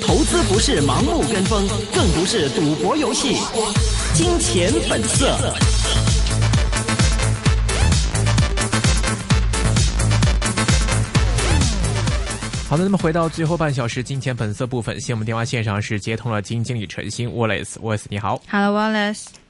投資不是盲目跟風，更不是賭博遊戲。金錢本色。 好的，那麼回到最後半小時金錢本色部分，先我們電話線上是接通了基金經理陳昕 Wallace，Wallace 你好。Wallace Wallace, Hello Wallace。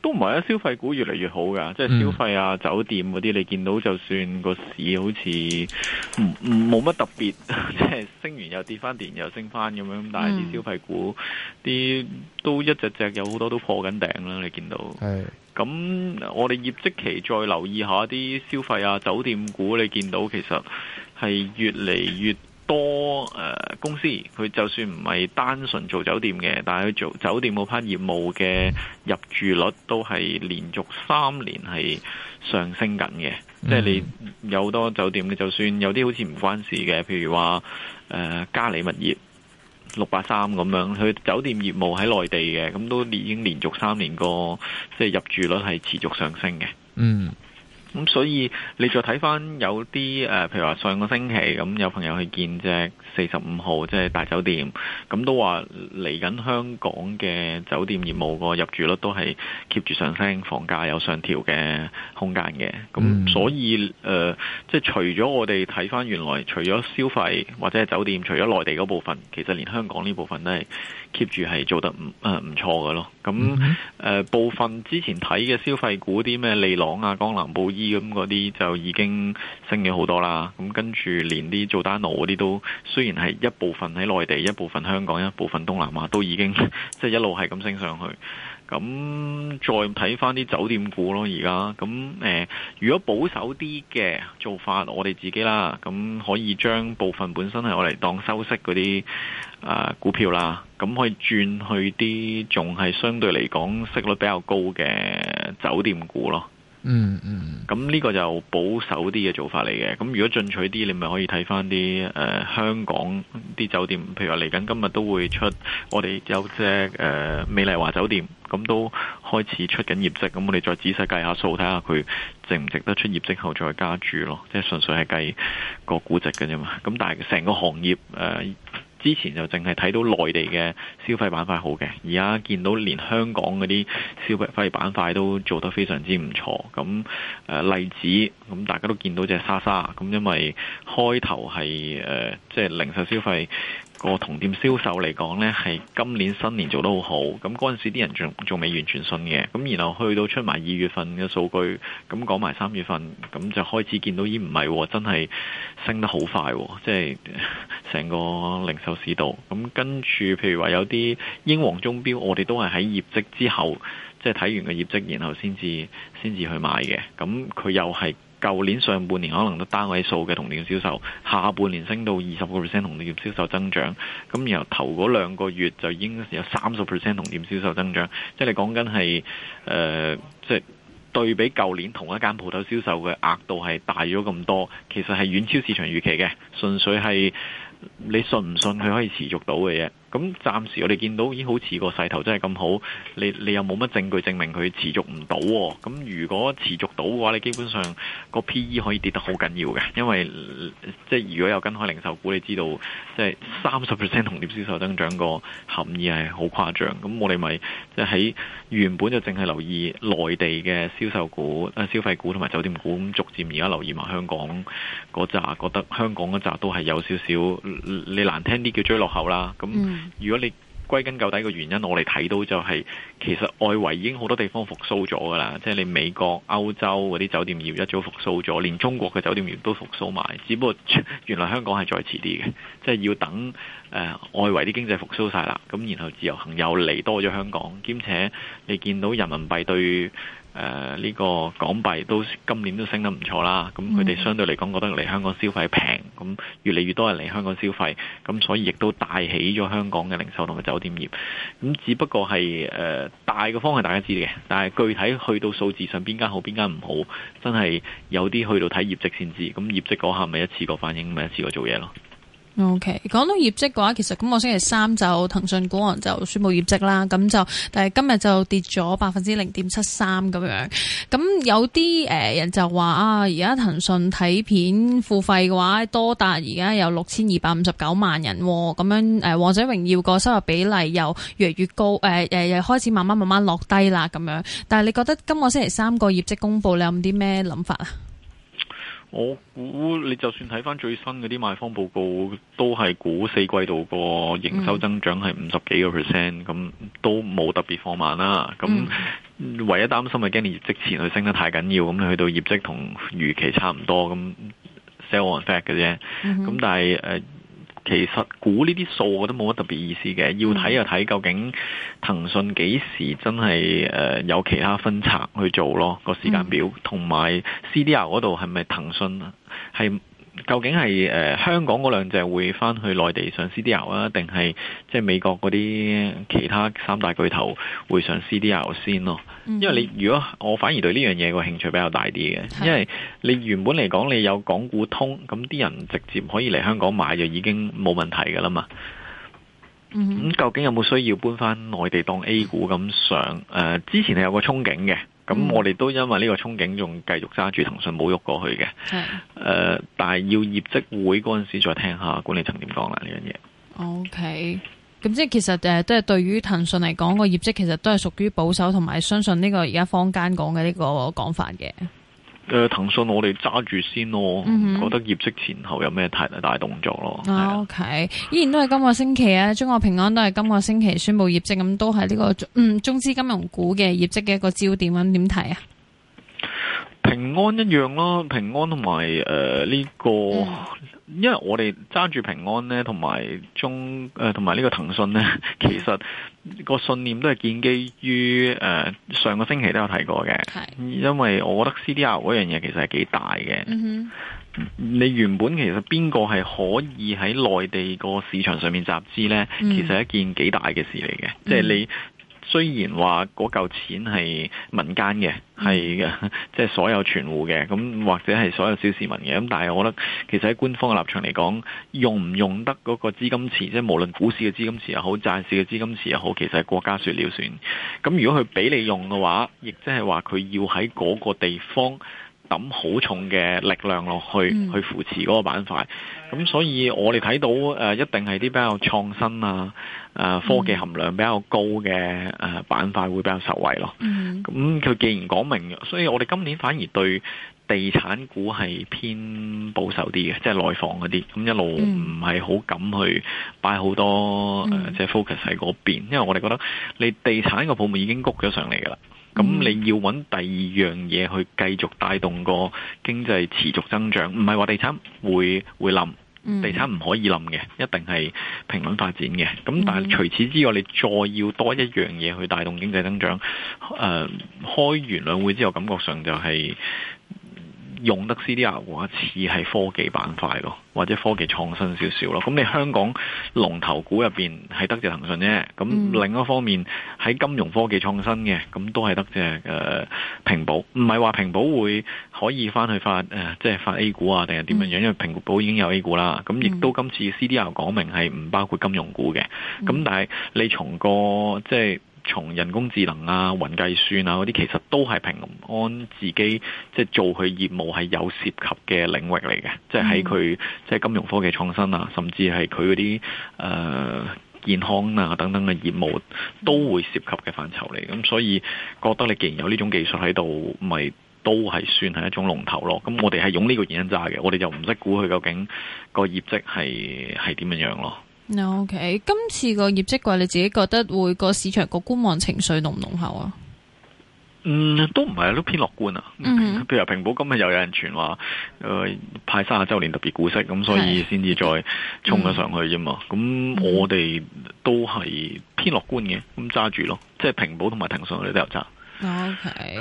都唔係啊，消費股越嚟越好噶，嗯、即係消費啊、酒店嗰啲，你見到就算個市好似唔唔冇乜特別，即 係升完又跌翻，跌又升翻咁樣，但係啲消費股啲都一隻隻有好多都破緊頂啦，你見到。係咁是，我哋業績期再留意下啲消費啊、酒店股，你見到其實係越嚟越。多誒、呃、公司，佢就算唔係單純做酒店嘅，但係佢做酒店嗰批業務嘅入住率都係連續三年係上升緊嘅。嗯、即係你有好多酒店，你就算有啲好似唔關事嘅，譬如話，誒、呃，嘉里物業六八三咁樣，佢酒店業務喺內地嘅，咁都已經連續三年個即係入住率係持續上升嘅。嗯。咁、嗯、所以你再睇翻有啲誒、呃，譬如話上個星期咁、嗯、有朋友去見隻四十五號，即係大酒店，咁都話嚟緊香港嘅酒店業務個入住率都係 keep 住上升，房價有上調嘅空間嘅。咁、嗯嗯、所以誒、呃，即係除咗我哋睇翻原來，除咗消費或者係酒店，除咗內地嗰部分，其實連香港呢部分都係。keep 住係做得唔誒唔錯嘅咯，咁誒、呃、部分之前睇嘅消費股啲咩利朗啊、江南布衣咁嗰啲就已經升咗好多啦，咁跟住連啲佐丹奴嗰啲都雖然係一部分喺內地，一部分香港，一部分東南亞都已經即係 一路係咁升上去。咁再睇返啲酒店股咯，而家，咁誒，如果保守啲嘅做法，我哋自己啦，咁可以將部分本身係我嚟當收息嗰啲、呃、股票啦，咁可以轉去啲仲係相對嚟講息率比較高嘅酒店股咯。嗯嗯，咁、嗯、呢個就保守啲嘅做法嚟嘅。咁如果進取啲，你咪可以睇翻啲誒香港啲酒店，譬如話嚟緊今日都會出，我哋有隻誒、呃、美麗華酒店，咁都開始出緊業績。咁我哋再仔細計下數，睇下佢值唔值得出業績後再加注咯。即係純粹係計個估值嘅啫嘛。咁但係成個行業誒。呃之前就淨係睇到內地嘅消費板塊好嘅，而家見到連香港嗰啲消費板塊都做得非常之唔錯。咁誒、呃、例子，咁大家都見到隻莎莎。咁因為開頭係誒，即、呃、係、就是、零售消費。個同店銷售嚟講呢，係今年新年做得好好，咁嗰陣時啲人仲仲未完全信嘅，咁然後去到出埋二月份嘅數據，咁講埋三月份，咁就開始見到咦、喎，唔係真係升得好快、喎，即係成個零售市道。咁跟住，譬如話有啲英皇鐘錶，我哋都係喺業績之後，即係睇完個業績，然後先至先至去買嘅。咁佢又係。舊年上半年可能都單位數嘅同店銷售，下半年升到二十個 percent 同店銷售增長，咁然後頭嗰兩個月就已經有三十 percent 同店銷售增長，即係你講緊係誒，即係對比舊年同一間鋪頭銷售嘅額度係大咗咁多，其實係遠超市場預期嘅，純粹係你信唔信佢可以持續到嘅嘢？咁暫時我哋見到，咦，好似個勢頭真係咁好，你你又有冇乜證據證明佢持續唔到喎？咁如果持續到嘅話，你基本上個 P/E 可以跌得好緊要嘅，因為即係如果有跟開零售股，你知道即係三十 percent 同店銷售增長個含義係好誇張。咁我哋咪即係喺原本就淨係留意內地嘅銷售股、啊消費股同埋酒店股，咁逐漸而家留意埋香港嗰扎，覺得香港嗰扎都係有少少，你難聽啲叫追落後啦。咁如果你歸根究底個原因，我哋睇到就係、是、其實外圍已經好多地方復甦咗㗎喇，即係你美國、歐洲嗰啲酒店業一早復甦咗，連中國嘅酒店業都復甦埋，只不過原來香港係再遲啲嘅，即係要等、呃、外圍啲經濟復甦晒啦，咁然後自由行又嚟多咗香港，兼且你見到人民幣對，誒呢、呃呢個港幣都今年都升得唔錯啦，咁佢哋相對嚟講覺得嚟香港消費平，咁越嚟越多人嚟香港消費，咁所以亦都帶起咗香港嘅零售同埋酒店業。咁只不過係誒、呃、大嘅方向大家知嘅，但係具體去到數字上邊間好邊間唔好，真係有啲去到睇業績先知。咁業績嗰下咪一次過反映，咪一次過做嘢咯。O K，講到業績嘅話，其實今個星期三就騰訊、騰訊股行就宣佈業績啦，咁就但係今日就跌咗百分之零點七三咁樣，咁有啲誒、呃、人就話啊，而家騰訊睇片付費嘅話多達而家有六千二百五十九萬人咁、啊、樣，誒、呃、王者榮耀個收入比例又越嚟越高，誒、呃、誒又，又開始慢慢慢慢落低啦咁樣，但係你覺得今個星期三個業績公佈，你有啲咩諗法啊？我估你就算睇翻最新嗰啲賣方報告，都係估四季度個營收增長係五十幾個 percent，咁都冇特別放慢啦。咁唯一擔心係驚業績前去升得太緊要，咁你去到業績同預期差唔多，咁 sell on fact 嘅啫。咁、mm hmm. 但係誒。Uh, 其實估呢啲數我都冇乜特別意思嘅，要睇就睇究竟騰訊幾時真係誒有其他分拆去做咯，個時間表，同埋 CDR 嗰度係咪騰訊啊？係。究竟係誒、呃、香港嗰兩隻會翻去內地上 CDL 啊，定係即係美國嗰啲其他三大巨頭會上 CDL 先咯？因為你如果我反而對呢樣嘢個興趣比較大啲嘅，因為你原本嚟講你有港股通，咁啲人直接可以嚟香港買就已經冇問題噶啦嘛。咁、嗯、究竟有冇需要搬翻內地當 A 股咁上？誒、呃，之前係有個憧憬嘅。咁我哋都因為呢個憧憬，仲繼續揸住騰訊冇喐過去嘅。係、呃，但係要業績會嗰陣時再聽下管理層點講啦，呢樣嘢。OK，咁即係其實誒，都係對於騰訊嚟講個業績，其實都係屬於保守同埋相信呢個而家坊間講嘅呢個講法嘅。誒，騰訊、呃、我哋揸住先咯，嗯、哼覺得業績前後有咩太大、大動作咯。啊啊、OK，依然都係今個星期啊，中國平安都係今個星期宣布業績，咁都係呢、這個嗯中資金融股嘅業績嘅一個焦點，咁點睇啊？平安一樣咯，平安同埋誒呢個。嗯因為我哋揸住平安咧，同埋中誒，同、呃、埋呢個騰訊咧，其實個信念都係建基於誒、呃、上個星期都有提過嘅。係是，因為我覺得 CDR 嗰樣嘢其實係幾大嘅。嗯、哼你原本其實邊個係可以喺內地個市場上面集資咧？其實係一件幾大嘅事嚟嘅，嗯、即係你。雖然話嗰嚿錢係民間嘅，係嘅，即係所有存戶嘅，咁或者係所有小市民嘅，咁但係我覺得其實喺官方嘅立場嚟講，用唔用得嗰個資金池，即係無論股市嘅資金池又好，債市嘅資金池又好，其實係國家説了算。咁如果佢俾你用嘅話，亦即係話佢要喺嗰個地方。咁好重嘅力量落去去扶持嗰個板塊，咁所以我哋睇到誒一定係啲比較創新啊、誒科技含量比較高嘅誒板塊會比較受惠咯。咁佢既然講明，所以我哋今年反而對地產股係偏保守啲嘅，即係內房嗰啲，咁一路唔係好敢去擺好多誒，即係 focus 喺嗰邊，因為我哋覺得你地產個部門已經谷咗上嚟㗎啦。咁你要揾第二樣嘢去繼續帶動個經濟持續增長，唔係話地產會會冧，地產唔可以冧嘅，一定係平衡發展嘅。咁但係除此之外，你再要多一樣嘢去帶動經濟增長，誒、呃、開完兩會之後，感覺上就係、是。用得 C D R 嘅話似係科技板塊咯，或者科技創新少少咯。咁你香港龍頭股入邊係得隻騰訊啫。咁另一方面喺金融科技創新嘅，咁都係得隻誒平保，唔係話平保會可以翻去發誒、呃、即係發 A 股啊，定係點樣樣？嗯、因為平保已經有 A 股啦。咁亦都今次 C D R 講明係唔包括金融股嘅。咁但係你從個即係。從人工智能啊、雲計算啊嗰啲，其實都係平安自己即係做佢業務係有涉及嘅領域嚟嘅，即係喺佢即係金融科技創新啊，甚至係佢嗰啲誒健康啊等等嘅業務都會涉及嘅範疇嚟。咁所以覺得你既然有呢種技術喺度，咪都係算係一種龍頭咯。咁我哋係用呢個原因揸嘅，我哋就唔識估佢究竟個業績係係點樣樣咯。嗱，okay，今次個業績季你自己覺得會個市場個觀望情緒濃唔濃厚啊？嗯，都唔係都偏樂觀啊。嗯哼，譬如話平保今日又有人傳話，誒、呃、派卅周年特別股息，咁所以先至再衝咗上去啫嘛。咁、嗯、我哋都係偏樂觀嘅，咁揸住咯，即係平保同埋騰訊我哋都有揸。O K，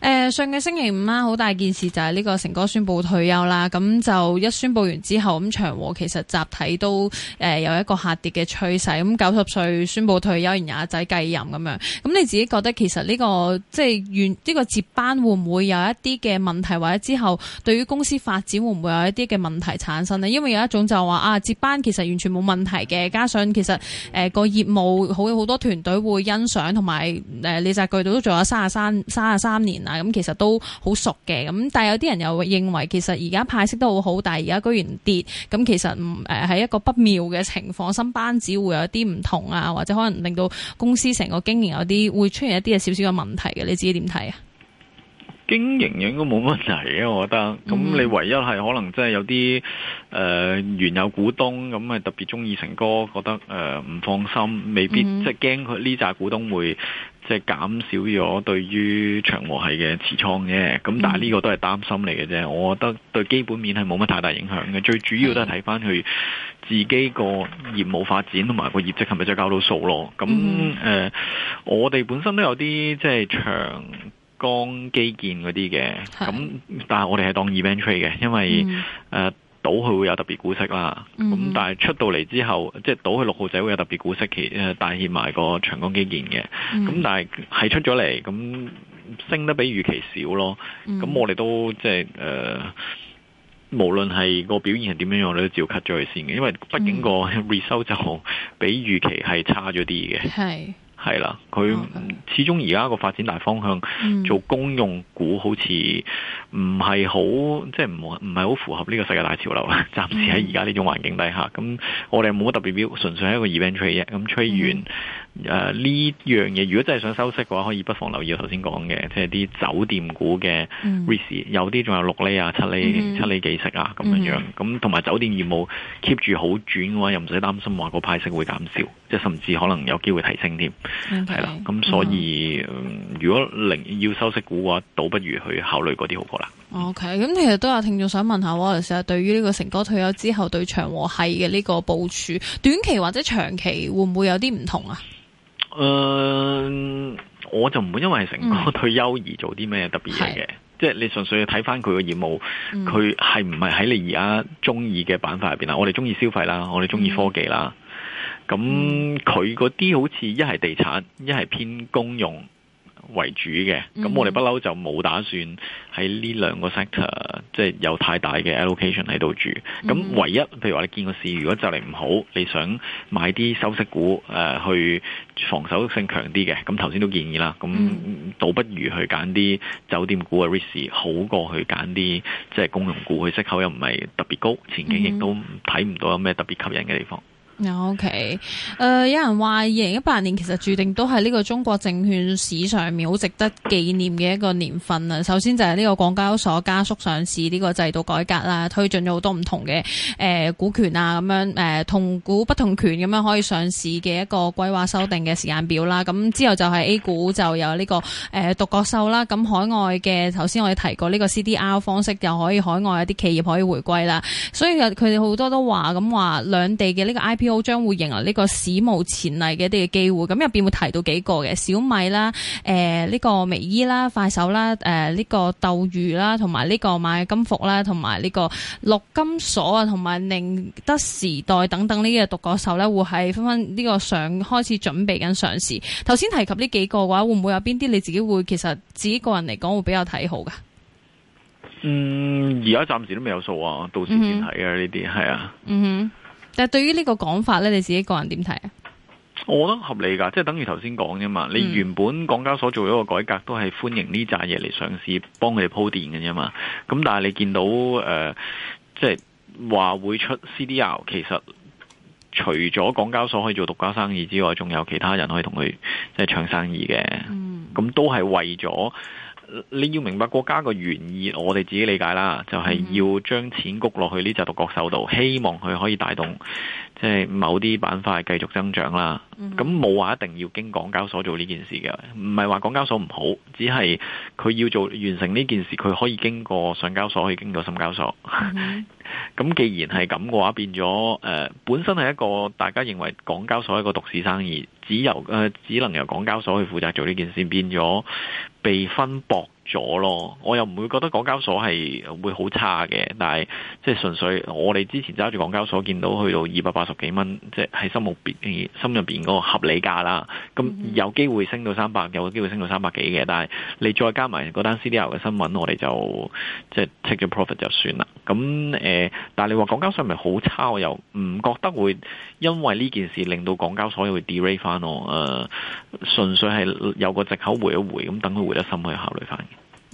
誒上個星期五啦，好大件事就係呢個誠哥宣布退休啦。咁就一宣布完之後，咁長和其實集體都誒有一個下跌嘅趨勢，咁九十歲宣布退休，然後阿仔繼任咁樣。咁你自己覺得其實呢、這個即係原呢個接班會唔會有一啲嘅問題，或者之後對於公司發展會唔會有一啲嘅問題產生咧？因為有一種就話啊，接班其實完全冇問題嘅，加上其實誒、呃、個業務好好多團隊會欣賞同埋誒李澤鉅度都做咗三三、三啊，三年啊，咁其實都好熟嘅。咁但係有啲人又認為，其實而家派息都好好，但係而家居然跌，咁其實唔誒係一個不妙嘅情況。新班子會有啲唔同啊，或者可能令到公司成個經營有啲會出現一啲啊少少嘅問題嘅。你自己點睇啊？經營應該冇問題嘅，我覺得。咁、嗯、你唯一係可能即係有啲誒、呃、原有股東咁係特別中意成哥，覺得誒唔、呃、放心，未必、嗯、即係驚佢呢扎股東會。即係減少咗對於長和系嘅持倉啫，咁但係呢個都係擔心嚟嘅啫。我覺得對基本面係冇乜太大影響嘅，最主要都係睇翻佢自己個業務發展同埋個業績係咪真係交到數咯。咁誒、嗯呃，我哋本身都有啲即係長江基建嗰啲嘅，咁是但係我哋係當 event trade 嘅，因為誒。嗯呃倒佢會有特別股息啦，咁、嗯、但係出到嚟之後，即、就、係、是、倒佢六號仔會有特別股息，誒帶起埋個長江基建嘅，咁、嗯、但係係出咗嚟，咁升得比預期少咯。咁、嗯、我哋都即係誒，無論係個表現係點樣樣，我都照 cut 咗佢先嘅，因為畢竟個 result、嗯、就比預期係差咗啲嘅。係。係啦，佢始終而家個發展大方向做公用股好，好似唔係好即係唔唔係好符合呢個世界大潮流啦。暫時喺而家呢種環境底下，咁我哋冇乜特別表，純粹係一個 event trade 啫。咁吹完。嗯誒，呢樣嘢如果真係想收息嘅話，可以不妨留意我頭先講嘅，即係啲酒店股嘅 REITs、嗯，有啲仲有六厘啊、七厘、嗯、哼七厘幾息啊咁樣樣，咁同埋酒店業務 keep 住好轉嘅話，又唔使擔心話個派息會減少，即係甚至可能有機會提升添，係啦。咁所以、嗯嗯、如果零要收息股嘅話，倒不如去考慮嗰啲好過啦。OK，咁其實都有聽眾想問下，我哋其實對於呢個成哥退休之後對長和系嘅呢個部署，短期或者長期會唔會有啲唔同啊？誒、呃，我就唔會因為成哥退休而做啲咩特別嘢嘅，嗯、即係你純粹要睇翻佢嘅業務，佢係唔係喺你而家中意嘅板塊入邊啦？我哋中意消費啦，我哋中意科技啦，咁佢嗰啲好似一係地產，一係偏公用。為主嘅，咁我哋不嬲就冇打算喺呢兩個 sector，即係有太大嘅 allocation 喺度住。咁唯一，譬如話你見個市如果就嚟唔好，你想買啲收息股，誒、呃、去防守性強啲嘅。咁頭先都建議啦，咁倒不如去揀啲酒店股嘅 risk 好過去，去揀啲即係公用股，佢息口又唔係特別高，前景亦都睇唔到有咩特別吸引嘅地方。OK，誒、呃、有人話二零一八年其實注定都係呢個中國證券史上面好值得紀念嘅一個年份啦、啊。首先就係呢個港交所加速上市呢個制度改革啦，推進咗好多唔同嘅誒、呃、股權啊咁樣誒、呃、同股不同權咁樣可以上市嘅一個規劃修訂嘅時間表啦。咁、嗯、之後就係 A 股就有呢、這個誒、呃、獨角獸啦。咁、嗯、海外嘅頭先我哋提過呢個 CDR 方式，又可以海外一啲企業可以回歸啦。所以佢哋好多都話咁話兩地嘅呢個 IP 都將會迎來呢個史無前例嘅一啲嘅機會，咁入邊會提到幾個嘅小米啦、誒、呃、呢、這個微醫啦、快手啦、誒、呃、呢、這個鬥魚啦、同埋呢個螞蟻金服啦、同埋呢個陸金所啊、同埋寧德時代等等獨呢啲嘅獨角獸咧，會係紛紛呢個上開始準備緊上市。頭先提及呢幾個嘅話，會唔會有邊啲你自己會其實自己個人嚟講會比較睇好噶？嗯，而家暫時都未有數啊，到時先睇啊。呢啲係啊。嗯、mm。Hmm. 但係對於呢個講法咧，你自己個人點睇啊？我覺得合理噶，即係等於頭先講啫嘛。你原本港交所做咗個改革，都係歡迎呢扎嘢嚟上市，幫佢哋鋪墊嘅啫嘛。咁但係你見到誒、呃，即係話會出 CDR，其實除咗港交所可以做獨家生意之外，仲有其他人可以同佢即係搶生意嘅。咁、嗯、都係為咗。你要明白國家個原意，我哋自己理解啦，就係要將錢谷落去呢隻獨角獸度，希望佢可以帶動即係某啲板塊繼續增長啦。咁冇話一定要經港交所做呢件事嘅，唔係話港交所唔好，只係佢要做完成呢件事，佢可以經過上交所，可以經過深交所。咁、 嗯、哼既然係咁嘅話，變咗誒、呃、本身係一個大家認為港交所係一個獨市生意，只有只由誒、呃、只能由港交所去負責做呢件事，變咗被分薄。咗咯，我又唔會覺得港交所係會好差嘅，但係即係純粹我哋之前揸住港交所見到去到二百八十幾蚊，即係喺心目心入邊嗰個合理價啦。咁有機會升到三百，有機會升到三百幾嘅。但係你再加埋嗰單 CDL 嘅新聞，我哋就即係 take 咗 profit 就算啦。咁誒、呃，但係你話港交所係咪好差？我又唔覺得會因為呢件事令到港交所會 delay 翻咯。純粹係有個藉口回一回，咁等佢回得心可以考慮翻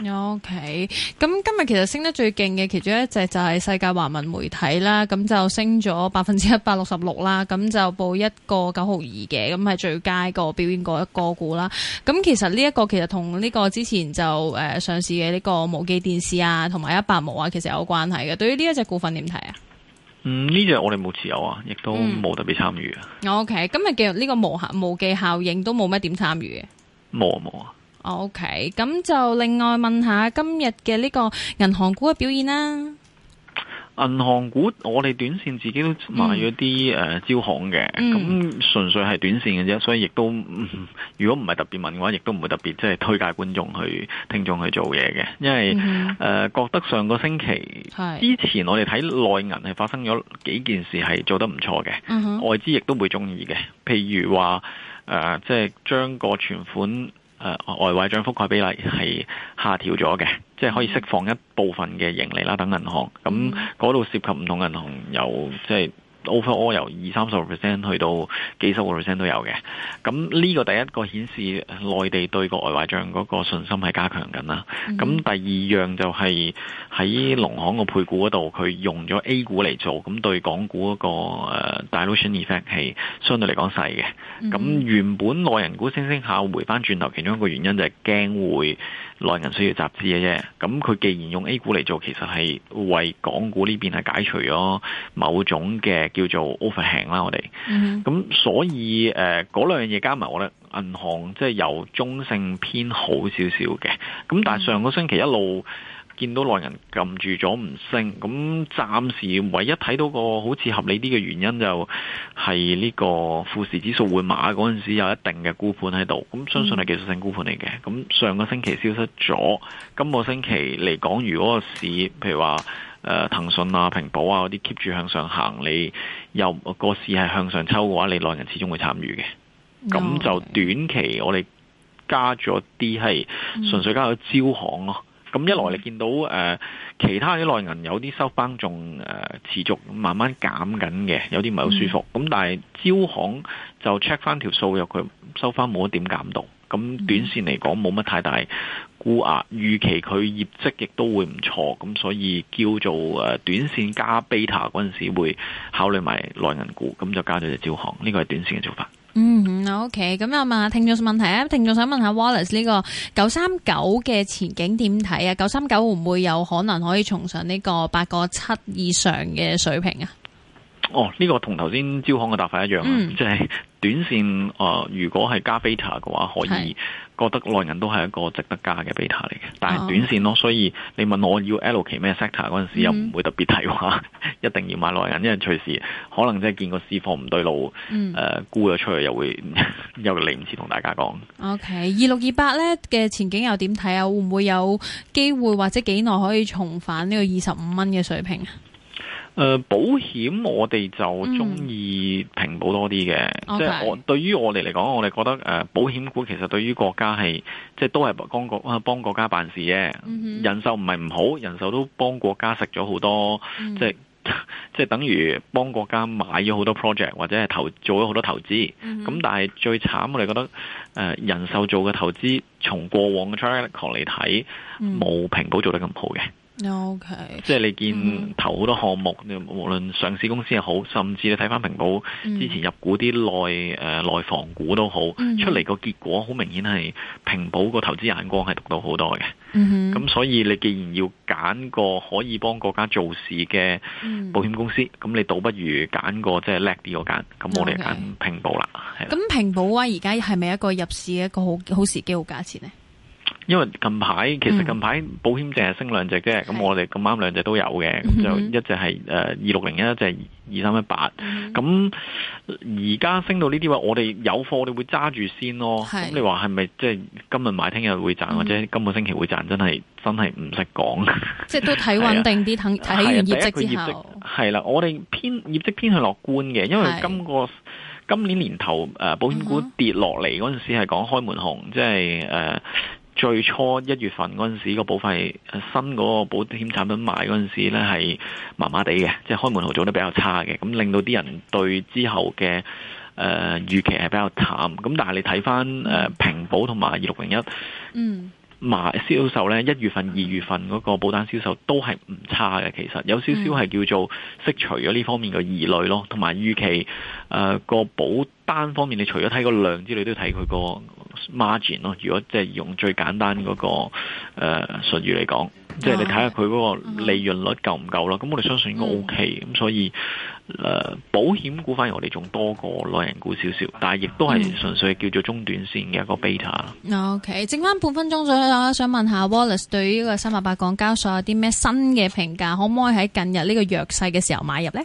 OK，咁今日其實升得最勁嘅其中一隻就係世界華文媒體啦，咁就升咗百分之一百六十六啦，咁就報一個九毫二嘅，咁係最佳個表現一個股啦。咁其實呢一個其實同呢個之前就誒、呃、上市嘅呢個毛記電視啊，同埋一百毛啊，其實有關係嘅。對於呢一隻股份點睇啊？嗯，呢隻我哋冇持有啊，亦都冇特別參與啊、嗯。OK，今日嘅呢個無效毛記效應都冇乜點參與嘅，冇啊冇啊。O K，咁就另外問下今日嘅呢個銀行股嘅表現啦。銀行股我哋短線自己都買咗啲誒招行嘅，咁純、嗯、粹係短線嘅啫。所以亦都如果唔係特別問嘅話，亦都唔會特別即係推介觀眾去聽眾去做嘢嘅，因為誒、嗯哼呃、覺得上個星期之前我哋睇內銀係發生咗幾件事係做得唔錯嘅，嗯、哼外資亦都會中意嘅。譬如話誒、呃，即係將個存款。誒、呃、外匯帳覆蓋比例係下調咗嘅，即係可以釋放一部分嘅盈利啦，等銀行咁嗰度涉及唔同銀行有即係。overall 由二三十 percent 去到幾十個 percent 都有嘅，咁呢個第一個顯示內地對個外壞賬嗰個信心係加強緊啦。咁、mm hmm. 第二樣就係、是、喺農行個配股嗰度，佢用咗 A 股嚟做，咁對港股嗰、那個大、uh, dilution effect 係相對嚟講細嘅。咁、mm hmm. 原本內人股升升下回翻轉頭，其中一個原因就係驚會。內銀需要集資嘅啫，咁佢既然用 A 股嚟做，其實係為港股呢邊係解除咗某種嘅叫做 overhang 啦，我哋，咁、mm hmm. 所以誒嗰、呃、兩樣嘢加埋，我覺得銀行即係由中性偏好少少嘅，咁但係上個星期一路。見到內人撳住咗唔升，咁暫時唯一睇到個好似合理啲嘅原因就係呢個富時指數換碼嗰陣時有一定嘅沽盤喺度，咁相信係技術性沽盤嚟嘅。咁上個星期消失咗，今個星期嚟講，如果個市譬如話誒騰訊啊、平保啊嗰啲 keep 住向上行，你又個市係向上抽嘅話，你內人始終會參與嘅。咁就短期我哋加咗啲係純粹加咗招行咯。咁一來你見到誒其他啲內銀有啲收翻，仲誒持續慢慢減緊嘅，有啲唔係好舒服。咁、嗯、但係招行就 check 翻條數入佢收翻冇一點減動，咁短線嚟講冇乜太大估壓，預期佢業績亦都會唔錯。咁所以叫做誒短線加 beta 嗰陣時會考慮埋內銀股，咁就加咗隻招行，呢個係短線嘅做法。嗯，OK 又問問。咁有冇聽眾問題啊？聽眾想問下 Wallace 呢個九三九嘅前景點睇啊？九三九會唔會有可能可以重上呢個八個七以上嘅水平啊？哦，呢、這個同頭先招行嘅答法一樣啊，即係、嗯、短線誒、呃，如果係加 beta 嘅話，可以覺得內銀都係一個值得加嘅 beta 嚟嘅，但係短線咯，哦、所以你問我要 allocate 咩 sector 嗰陣時，又唔、嗯、會特別提話一定要買內銀，因為隨時可能即係見個市況唔對路，誒、嗯呃、沽咗出去又會 又嚟唔切同大家講。OK，二六二八咧嘅前景又點睇啊？會唔會有機會或者幾耐可以重返呢個二十五蚊嘅水平啊？誒、呃，保險我哋就中意平保多啲嘅，Okay. 即係我對於我哋嚟講，我哋覺得誒，保險股其實對於國家係，即係都係幫國幫國家辦事啫。Mm hmm. 人壽唔係唔好，人壽都幫國家食咗好多，mm hmm. 即係即係等於幫國家買咗好多 project 或者係投做咗好多投資。咁、mm hmm. 但係最慘我哋覺得，誒、呃，人壽做嘅投資從過往嘅 cycle 嚟睇，冇平保做得咁好嘅。O、okay. K，、mm hmm. 即係你見投好多項目，mm hmm. 無論上市公司又好，甚至你睇翻平保之前入股啲內誒內房股都好，mm hmm. 出嚟個結果好明顯係平保個投資眼光係讀到好多嘅。咁、mm hmm. 所以你既然要揀個可以幫國家做事嘅保險公司，咁、mm hmm. 你倒不如揀個即係叻啲嗰間。咁我哋揀平保啦。咁 Okay. 的平保啊，而家係咪一個入市嘅一個好好時機好價錢呢？因為近排其實近排保險淨係升兩隻啫。咁、嗯、我哋咁啱兩隻都有嘅，咁就、嗯、哨 一隻係誒二六零一 2, 3, 5, 6, 6, 6, 6, 7,，一隻係二三一八，咁而家升到呢啲話，我哋有貨，我哋會揸住先咯。咁是你話係咪即係今日買聽日會賺，或者今個星期會賺？真係真係唔識講。即係都睇穩定啲，睇 あと 業績之後。係啦、啊啊，我哋偏業績偏向樂觀嘅，因為今個是今年年頭誒保險股跌落嚟嗰陣時係講開門紅，即係誒。呃 最初一月份嗰陣時，個保費新嗰個保險產品買嗰陣時呢，係麻麻地嘅，即係開門紅做得比較差嘅，咁令到啲人對之後嘅誒預期係比較淡。咁但係你睇翻誒平保同埋二六零一，嗯。賣銷售呢，一月份、二月份嗰個保單銷售都係唔差嘅。其實有少少係叫做釋除咗呢方面嘅疑慮咯。同埋預期，誒、呃、個保單方面，你除咗睇個量之類，都要睇佢個 margin 咯。如果即係用最簡單嗰、那個誒、呃、術語嚟講，即、就、係、是、你睇下佢嗰個利潤率夠唔夠咯。咁我哋相信應該 O K 嘅，咁所以。誒，uh, 保險股反而我哋仲多過內銀股少少，但係亦都係純粹叫做中短線嘅一個 beta。OK，剩翻半分鐘左右，我想問下 Wallace 對於呢個三八八港交所有啲咩新嘅評價？可唔可以喺近日呢個弱勢嘅時候買入咧？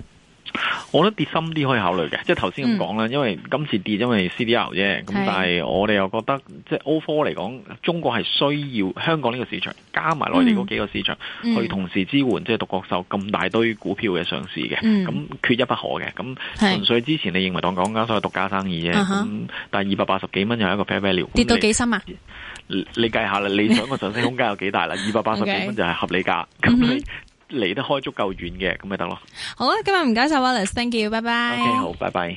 我覺得跌深啲可以考慮嘅，即係頭先咁講啦，嗯、因為今次跌因為 CDR 啫，咁是但係我哋又覺得即係歐科嚟講，中國係需要香港呢個市場，加埋內地嗰幾個市場去、嗯、同時支援，即係獨角獸咁大堆股票嘅上市嘅，咁、嗯、缺一不可嘅。咁是純粹之前你認為當講緊所謂獨家生意啫，咁、嗯、哼但係二百八十幾蚊又係一個 fair value 跌到幾深啊？你，你計下啦，你想個上升空間有幾大啦？二百八十幾蚊就係合理價。嗯哼離得開足夠遠嘅，咁咪得咯。好啊，今日唔該晒，Wallace，thank you，拜拜。OK，好，拜拜。